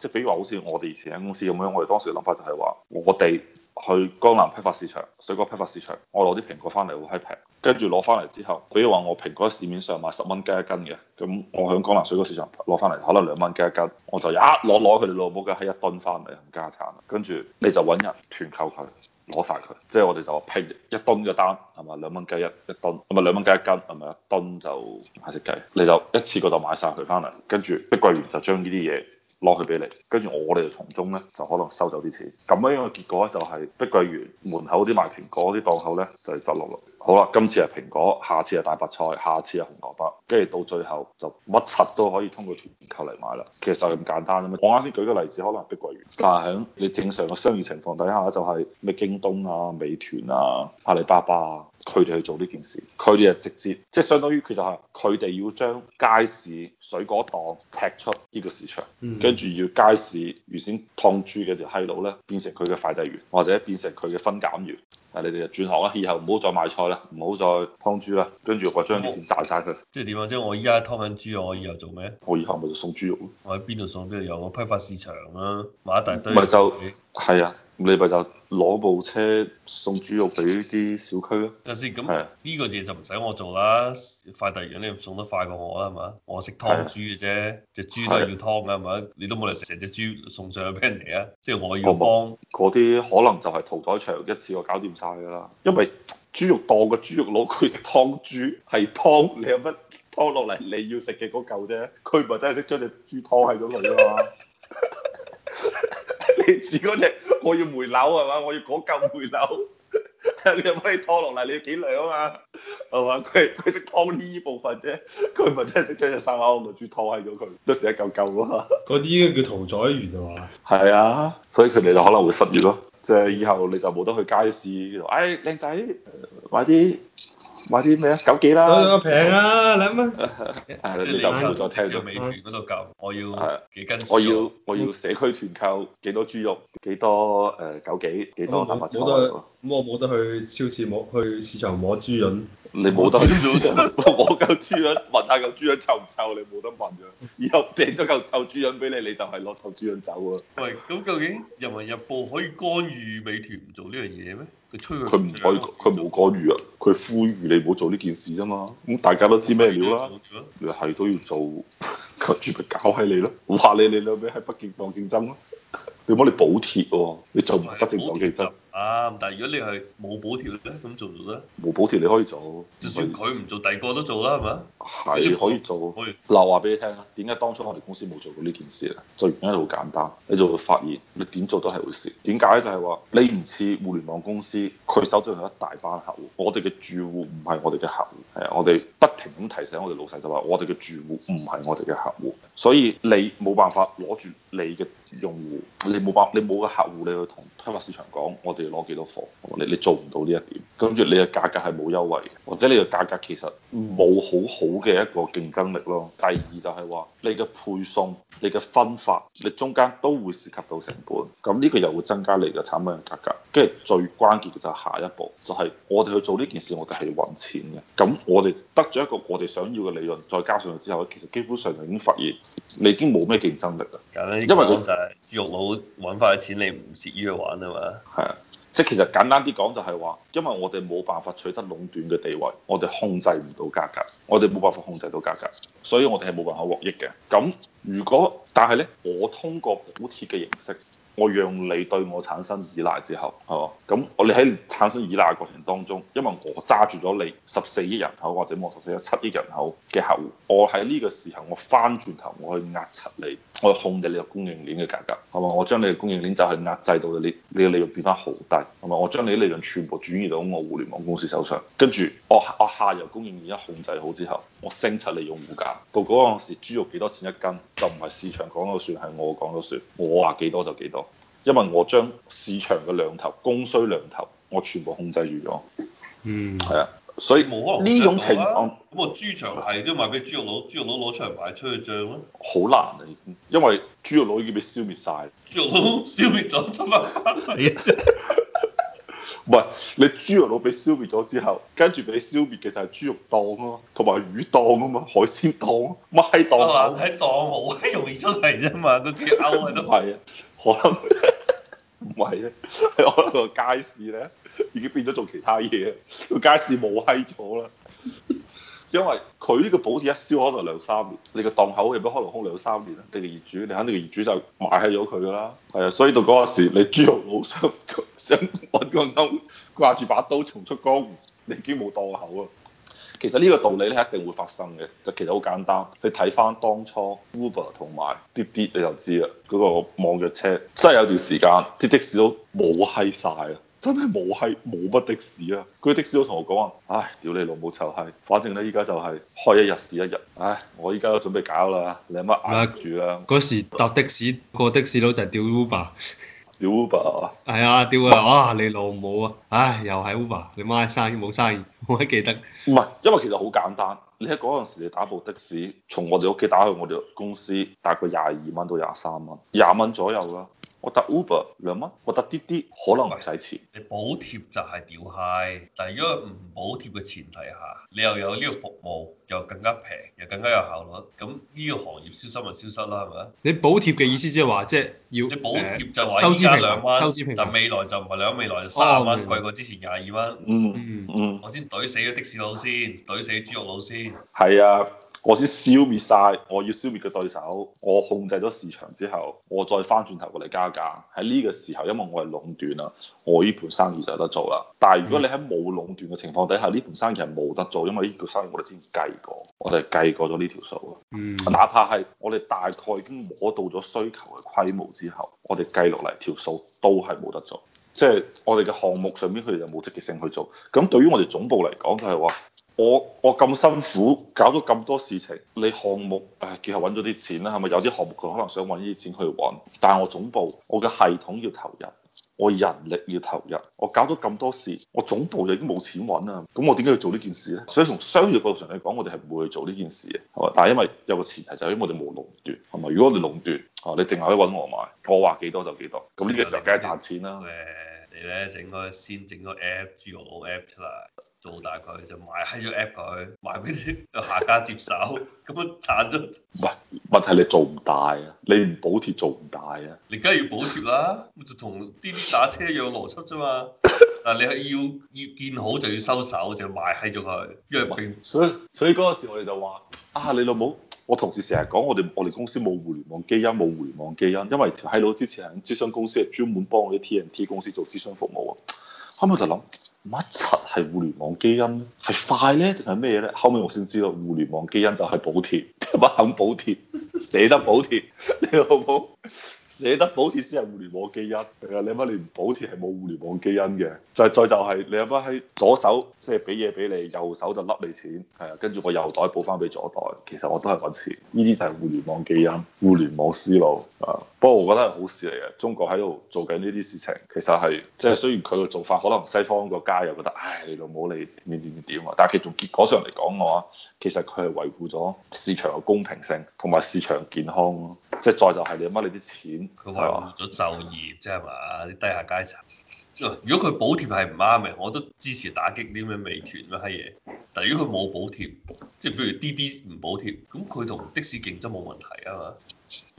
即係比如話，好似我哋以前喺公司咁樣，我哋當時嘅諗法就係話，我哋去江南批發市場、水果批發市場，我攞啲蘋果翻嚟好平，跟住攞翻嚟之後，比如話我蘋果喺市面上賣十蚊雞一斤嘅，咁我喺江南水果市場攞翻嚟可能兩蚊雞一斤，我就一攞攞佢哋老母嘅係一噸翻嚟，冚家鏟，跟住你就揾人團購佢，攞曬佢，即係我哋就批一噸嘅單係咪？兩蚊雞一，一噸，唔係兩蚊雞一斤，係咪一噸就買食雞？你就一次過就買晒佢翻嚟，跟住碧桂園就將呢啲嘢。落去俾你，跟住我哋就從中呢，就可能收走啲錢。咁樣嘅結果呢，就係碧桂園門口啲賣蘋果啲檔口呢，就係執落咯。好啦，今次係蘋果，下次係大白菜，下次係紅蘿蔔，跟住到最後就乜柒都可以通過團購嚟買啦。其實就係咁簡單啊嘛。我啱先舉個例子可能係碧桂園，但係喺你正常嘅商業情況底下就係咩京東啊、美團啊、阿里巴巴啊，佢哋去做呢件事，佢哋係直接即係相當於佢就係佢哋要將街市水果檔踢出呢個市場。跟住要街市預先劏豬嘅條閪佬咧，變成佢嘅快遞員，或者變成佢嘅分揀員。啊！你哋就轉行啦，以後唔好再賣菜啦，唔好再劏豬啦。跟住我將啲錢賺晒佢。即係點啊？即係我依家劏緊豬肉，我以後做咩？我以後咪就送豬肉咯。我喺邊度送邊度有？我批發市場啦，啊，買一大堆。咪就係啊！你咪就攞部車送豬肉俾啲小區咯。等陣先，咁呢是個嘢就唔使我做啦。快遞員你送得快過我啦，係嘛？我食湯豬嘅啫，的隻豬都係要湯嘅，係咪？你都冇嚟食成隻豬送上俾人嚟啊！即係我要幫嗰啲，可能就係屠宰場一次我搞掂晒㗎啦。因為豬肉檔嘅豬肉佬佢湯豬係湯，你有乜湯落嚟？你要食嘅嗰嚿啫，佢咪真係識將隻豬湯喺度嘅嘛。 只我要梅柳係嘛？我要嗰嚿梅柳，樓 你又幫你拖落嚟，你要幾兩啊？係嘛？佢佢識拖呢部分啫，佢唔係真係識將隻生蝦蝦豬拖係咗佢，都成一嚿嚿咯。嗰啲叫屠宰員啊嘛。係啊，所以佢哋就可能會失業咯。即係以後你就冇得去街市，誒、哎，靚仔買啲。買啲咩啊？九幾啦，平啊兩蚊。係、啊、你哋就唔聽咗。聽美團嗰度購，我要幾斤？我要我要社區團購幾多豬肉？幾多誒九幾？幾多雜物沒？咁我冇得，得去超市摸，去市場摸豬潤。你冇得去？摸嚿豬潤，聞下嚿豬潤臭唔臭？你冇得聞嘅。以後訂咗嚿臭豬潤俾你，你就係攞臭豬潤走啊。喂，咁究竟《人民日報》可以干預美團做呢樣嘢咩？佢唔可以，佢冇干預啊！佢呼籲你唔好做呢件事啫嘛，咁、嗯、大家都知咩料啦。嗯、你係都要做，佢 就搞起你咯，話你你老味喺北京當競爭咯、啊，你要幫你補貼喎，你做唔係北京當競爭。啱、啊，但係如果你係冇補貼咧，咁做唔做咧？冇補貼你可以做，就算佢唔做，第二個都做啦，係咪啊？係可以做，可以。嗱，話俾你聽啦，點解當初我哋公司冇做過呢件事咧？最原因好簡單，你就會發現你點做都係會蝕。點解就係話你唔似互聯網公司，佢手中有一大班客戶，我哋嘅住戶唔係我哋嘅客戶。係，我哋不停咁提醒我哋老細就話，我哋嘅住戶唔係我哋嘅客戶，所以你冇辦法攞住你嘅。用戶你冇辦法你冇個客戶，你去同批發市場講，我哋攞幾多貨，你你做唔到呢一點，跟住你嘅價格係冇優惠嘅，或者你嘅價格其實冇好好嘅一個競爭力咯。第二就係話，你嘅配送、你嘅分發，你中間都會涉及到成本，咁呢個又會增加你嘅產品嘅價格。跟住最關鍵嘅就係下一步，就係我哋去做呢件事，我哋係要揾錢嘅。咁我哋得咗一個我哋想要嘅利潤，再加上去之後咧，其實基本上就已經發現你已經冇咩競爭力啦。簡單啲講就係，肉佬揾翻嘅錢你唔屑於去玩啊嘛。係啊，即係其實簡單啲講就係話，因為我哋冇辦法取得壟斷嘅地位，我哋控制唔到價格，我哋冇辦法控制到價格，所以我哋係冇辦法獲益嘅。咁如果但係咧，我通過補貼嘅形式。我讓你對我產生依賴之後，係嘛？咁我哋喺產生依賴過程當中，因為我揸住咗你十四億人口或者我十四億七億人口嘅客戶，我喺呢個時候我翻轉頭我去壓七你。我控制你個供應鏈嘅價格，係嘛？我將你嘅供應鏈就係壓制到你，你嘅利潤變返好低，係嘛？我將你啲利潤全部轉移到我互聯網公司手上，跟住我我下游供應鏈一控制好之後，我升出嚟用戶價。到嗰陣時豬肉幾多錢一斤，就唔係市場講到算，係我講到算，我話幾多就幾多，因為我將市場嘅兩頭供需兩頭，我全部控制住咗。嗯，係啊。所以冇可能呢種情況，咁啊豬場係都賣俾豬肉佬，豬肉佬攞出嚟賣出去漲咧，啊。好難啊，因為豬肉佬已經被消滅晒，豬肉佬消滅咗啫嘛，係啊。 唔係你豬肉佬被消滅咗之後，跟住被消滅嘅就係豬肉檔啊，同埋魚檔啊嘛，海鮮、啊、檔，乜閪檔？難喺檔冇，容易出嚟啫嘛，個叫勾啊都係啊， 可能。唔係咧，係我覺得個街市咧已經變咗做其他嘢，個街市冇閪做啦。因為佢呢個鋪子一燒可能兩三年，你個檔口亦不可能空兩三年咧，你個業主你肯定業主就買起咗佢啦。係啊，所以到嗰陣時，你豬肉佬想想揾個刀掛住把刀重出江湖，你已經冇檔口啊。其實呢個道理咧一定會發生嘅，就其實好簡單，你睇翻當初 Uber 同埋滴滴，你就知啦。嗰個網約車真係有段時間，啲的士佬冇閪晒啊，真係冇閪冇乜的士啊。佢啲的士佬同我講話，唉，屌你老母臭閪，反正咧依家就係開一日試一日。唉，我依家都準備搞啦，你有乜捱得住啊？嗰時搭的士個的士佬就係屌 Uber。 屌點、哎、啊！係啊、嗯，屌啊！哇，你老母啊！唉、哎，又係 Uber，你媽，媽生意冇生意，我記得。唔係，因為其實好簡單。你喺嗰陣時你打部的士，從我哋屋企打去我哋公司，大概廿二蚊到廿三蚊，廿蚊左右啦。我得 Uber 兩蚊，我得滴滴可能還使錢。你補貼就係屌閪，但係如果唔補貼嘅前提下，你又有呢個服務，又更加平，又更加有效率，咁呢個行業消失咪消失啦，係咪？你補貼嘅意思即係話，即係要你補貼就話依家兩蚊，收支平，收支平但未來就唔係兩，未來就三蚊，貴過之前廿二蚊。嗯嗯嗯，okay. 我先懟死咗的士佬先，懟死豬肉佬先。係啊。我先消滅晒，我要消滅嘅對手，我控制咗市場之後，我再翻轉頭過嚟加價。喺呢個時候，因為我係壟斷啦，我呢盤生意就有得做啦。但係如果你喺冇壟斷嘅情況底下，呢盤生意係冇得做，因為呢條生意我哋之前計過，我哋計過咗呢條數。嗯。哪怕係我哋大概已經摸到咗需求嘅規模之後，我哋計落嚟條數都係冇得做。即係我哋嘅項目上面佢哋就冇積極性去做。咁對於我哋總部嚟講就係話。我我咁辛苦搞咗咁多事情，你項目誒、哎、結果揾咗啲錢啦，係咪有啲項目佢可能想揾呢啲錢去揾？但係我總部我嘅系統要投入，我人力要投入，我搞咗咁多事，我總部就已經冇錢揾啦。咁我點解要做呢件事呢？所以從商業角度上嚟講，我哋係唔會去做呢件事嘅。係咪？但係因為有個前提就係因為我哋冇壟斷，係咪？如果你壟斷啊，你淨係可以揾我買，我話幾多就幾多。咁呢個時候梗係賺錢啦，咧整個先整個 app，G O O app 出嚟做，大概就賣喺咗 app 佢，賣俾啲下家接手，咁樣賺咗。唔係問題你，你做唔大啊！你唔補貼做唔大啊！你梗係要補貼啦、啊，就同滴滴打車一樣邏輯啫嘛。嗱， 你係要要見好就要收手，就要賣喺咗佢，因為所以所以嗰個時我哋就話啊，你老母。我同事成日講我哋我哋公司冇互聯網基因冇互聯網基因，因為喺老之前係諮詢公司，係專門幫我啲 TNT 公司做諮詢服務啊。後尾我就諗乜柒係互聯網基因咧？係快呢定係咩呢？後尾我先知道互聯網基因就係補貼，乜肯補貼，捨得補貼，你老母。捨得補貼先係互聯網基因，係啊！你乜你唔補貼係冇互聯網基因嘅，就是，就係再就係你乜喺左手即係俾嘢俾你，右手就笠你錢，係啊！跟住我右袋補翻俾左袋，其實我都係揾錢，呢啲就係互聯網基因、互聯網思路啊！不過我覺得係好事嚟嘅，中國喺度做緊呢啲事情，其實係即係雖然佢個做法可能西方國家又覺得唉你老母你點點點點啊，但係其實從結果上嚟講嘅話，我啊其實佢係維護咗市場嘅公平性同埋市場健康咯。即係再就係你乜你啲錢，佢維護咗就業，即係嘛啲低下階層。如果佢補貼係唔啱嘅，我都支持打擊啲咩美團乜閪嘢。但係如果佢冇補貼，即係譬如滴滴唔補貼咁佢同的士競爭冇問題啊嘛。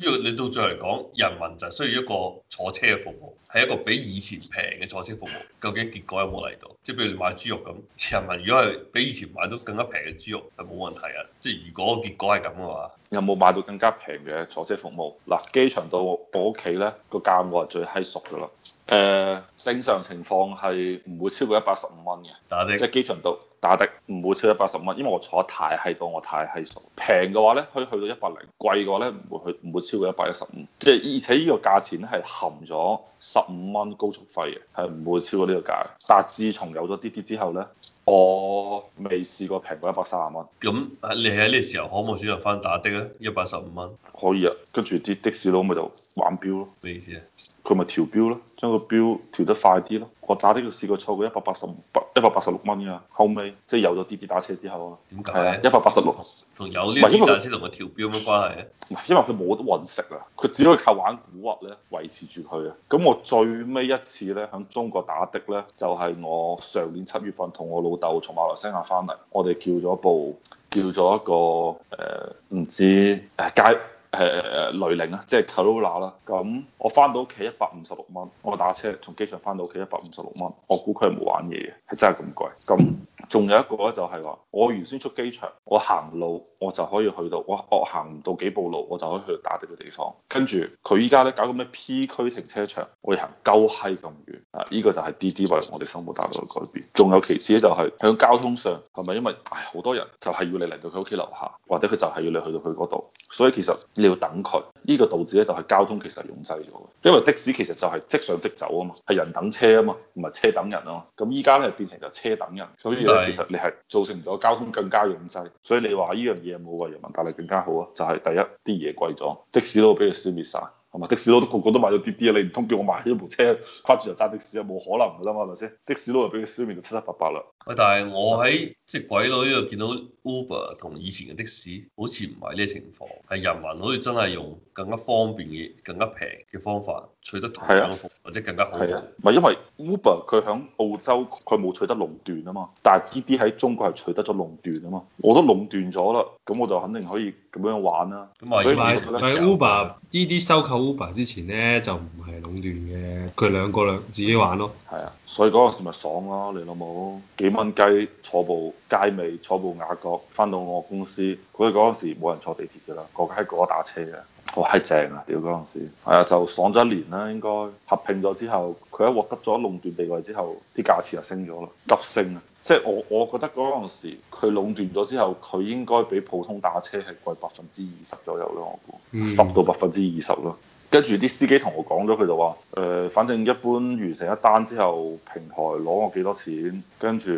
呢你到最後嚟講，人民就係需要一個坐車嘅服務，係一個比以前平嘅坐車服務。究竟結果有冇嚟到？即係譬如你買豬肉咁，人民如果係比以前買到更加平嘅豬肉，係冇問題啊。即係如果結果係咁嘅話，有冇買到更加平嘅坐車服務？嗱，機場到我屋企咧個價我係最閪熟嘅咯。誒，正常情況係唔會超過一百十五蚊嘅，即係是機場到。打的唔會超一百十蚊，因為我坐得太閪多，我太閪熟。平嘅話咧，可以去到一百零；貴嘅話咧，唔會去，唔會超過一百一十五。即係而且呢個價錢咧係含咗十五蚊高速費嘅，係唔會超過呢個價。但係自從有咗滴滴之後咧，我未試過平過一百三十蚊。咁你喺呢個時候可唔可以選擇翻打的咧？一百十五蚊可以啊。跟住啲的士佬咪就玩錶咯。咩意思啊？佢咪調標咯，將個標調得快啲咯。我打的佢試過錯過一百八十五一百八十六蚊噶，後尾即係有咗滴滴打車之後啊。點解？D D 係一百八十六，仲有呢？唔係因為滴滴打車同個調標有咩關係咧？因為佢冇得運食啊，佢只可以靠玩古惑咧維持住佢啊。咁我最尾一次咧，喺中國打的咧，就係、是、我上年七月份同我老豆從馬來西亞翻嚟，我哋叫咗部叫咗一個誒唔、呃、知誒街。誒誒誒，雷凌啊，即係 Corolla 啦，咁我翻到屋企一百五十六蚊，我打車從機場翻到屋企一百五十六蚊，我估佢係冇玩嘢嘅，係真係咁貴咁。仲有一個咧，就係話我原先出機場，我行路我就可以去到，我我行唔到幾步路，我就可以去到打的嘅地方。跟住佢依家咧搞個咩 P 區停車場，我哋行鳩閪咁遠啊！依、這個就係滴滴為我哋生活帶來嘅改變。仲有其次咧，就係喺交通上，係咪因為唉好多人就係要你嚟到佢屋企樓下，或者佢就係要你去到佢嗰度，所以其實你要等佢。呢、這個導致咧就係交通其實擁擠咗，因為的士其實就係即上即走啊嘛，係人等車啊嘛，唔係車等人啊嘛。咁依家咧變成就車等人，所以對其實你係造成咗交通更加擁擠，所以你話呢樣嘢冇為人民帶嚟更加好啊，就係第一啲嘢貴咗，即使都俾佢消滅晒。同埋的士佬都個個都買咗滴滴，啊！你唔通叫我買咗部車，跨住頭揸的士啊？冇可能噶啦嘛，係咪先？的士佬又俾小面就七七八八啦。喂，但係我喺即係鬼佬呢度見到 Uber 同以前嘅的，的士，好似唔係呢情況，係人民好似真係用更加方便嘅、更加平嘅方法取得大安、啊、或者更加好嘅。唔、啊、因為 Uber 佢響澳洲佢冇取得壟斷啊嘛，但係呢啲喺中國係取得咗壟斷啊嘛，我都壟斷咗啦，咁我就肯定可以。咁樣玩啦、啊，咁咪、嗯？但係 Uber 呢啲收購 Uber 之前咧就唔係壟斷嘅，佢兩個兩自己玩咯，係啊，所以嗰陣時咪爽咯，你老母幾蚊雞坐部佳美，坐部雅閣，翻到我公司，佢哋嗰陣時冇人坐地鐵㗎啦，個街個打車㗎。哇，係正啊！屌嗰陣時，係啊，就爽咗一年啦。應該合併咗之後，佢喺獲得咗壟斷地位之後，啲價錢又升咗咯，急升啊！即係我，我覺得嗰陣時佢壟斷咗之後，佢應該比普通打車係貴百分之二十左右咯，我估十到百分之二十咯。跟住啲司機同我講咗，佢就話，誒，反正一般完成一單之後，平台攞我幾多錢，跟住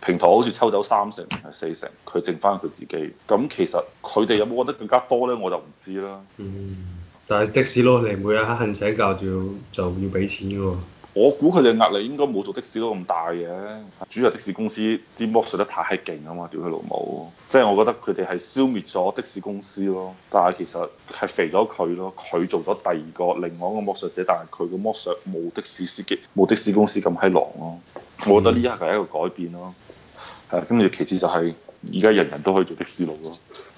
平台好似抽走三成係四成，佢剩返佢自己。咁其實佢哋有冇覺得更加多呢？我就唔知啦。但係的士佬嚟，每日黑訓醒教照，就要就要俾錢嘅喎。我估佢哋壓力應該冇做的士都咁大嘅，主要的士公司啲剝削得太勁啊嘛，屌佢老母！即係我覺得佢哋係消滅咗的士公司咯，但係其實係肥咗佢咯，佢做咗第二個另外一個剝削者，但係佢個剝削冇的士司機、冇的士公司咁閪狼咯，我覺得呢一下係一個改變咯。嗯。係，跟住其次就係而家人人都可以做的士佬咯。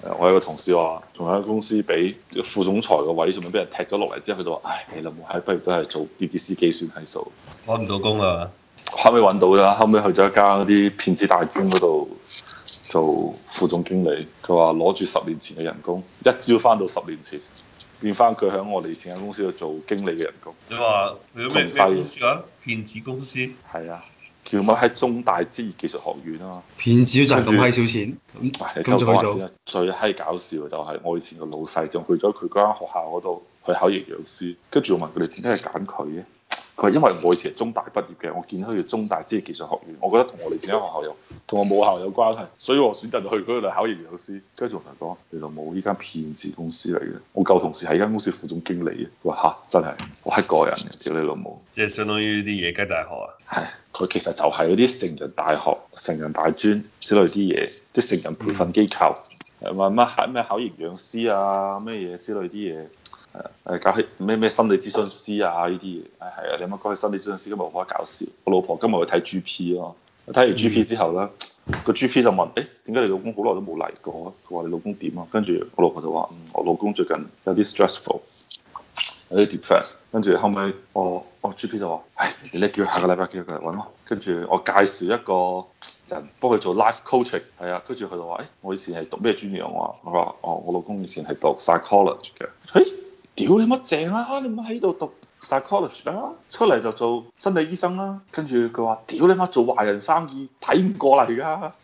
誒，我有個同事話，仲有間公司俾副總裁個位，仲要俾人踢咗落嚟之後，佢就話，唉，你諗吓，不如都係做滴滴司機算係數，揾唔到工啊！後尾揾到啦，後尾去咗一家啲騙子大專嗰度做副總經理。佢話攞住十年前嘅人工，一朝翻到十年前，變翻佢喺我哋前間公司度做經理嘅人工。你話你都明白，公司啊？騙子公司。係啊。佢咪喺中大職業技術學院啊嘛，騙子都賺咁閪少錢。咁、嗯，咁再講先啦。最閪搞笑嘅就係我以前個老細仲去咗佢間學校嗰度去考營養師，跟住我問佢哋點解要揀佢嘅？佢話因為我以前係中大畢業嘅，我見到佢中大職業技術學院，我覺得同我哋自間學校有同我母校有關係，所以我選擇去嗰度考營養師。跟住同佢講，原來冇依間騙子公司嚟嘅，我舊同事喺間公司副總經理嘅，佢話吓，真係？七個人嘅，叫你老母，即係相當於啲野雞大學啊，係佢其實就係嗰啲成人大學、成人大專之類啲嘢，啲、即係、成人培訓機構，係話乜考咩考營養師啊，咩嘢之類啲嘢，係搞起咩咩心理諮詢師啊呢啲嘢，係啊，你阿媽講起心理諮詢師，今日好搞笑，我老婆今日去睇 G P 咯，睇完 G P 之後咧，個、嗯、G P 就問，誒點解你老公好耐都冇嚟過？佢話你老公點啊？跟住我老婆就話、嗯，我老公最近有啲 stressful。有啲 depressed，跟住後尾我我 GP 就話，唉，你咧叫下個禮拜叫佢嚟揾我，跟住我介紹一個人幫佢做 life coaching，係啊，跟住佢就話，唉、欸，我以前係讀咩專業？我話，我話，哦，我老公以前係讀 psychology 嘅、欸，屌你乜正啊？你唔喺度讀 psychology 啊！出嚟就做心理醫生啦、啊。跟住佢話，屌你媽做華人生意睇唔過嚟㗎、啊。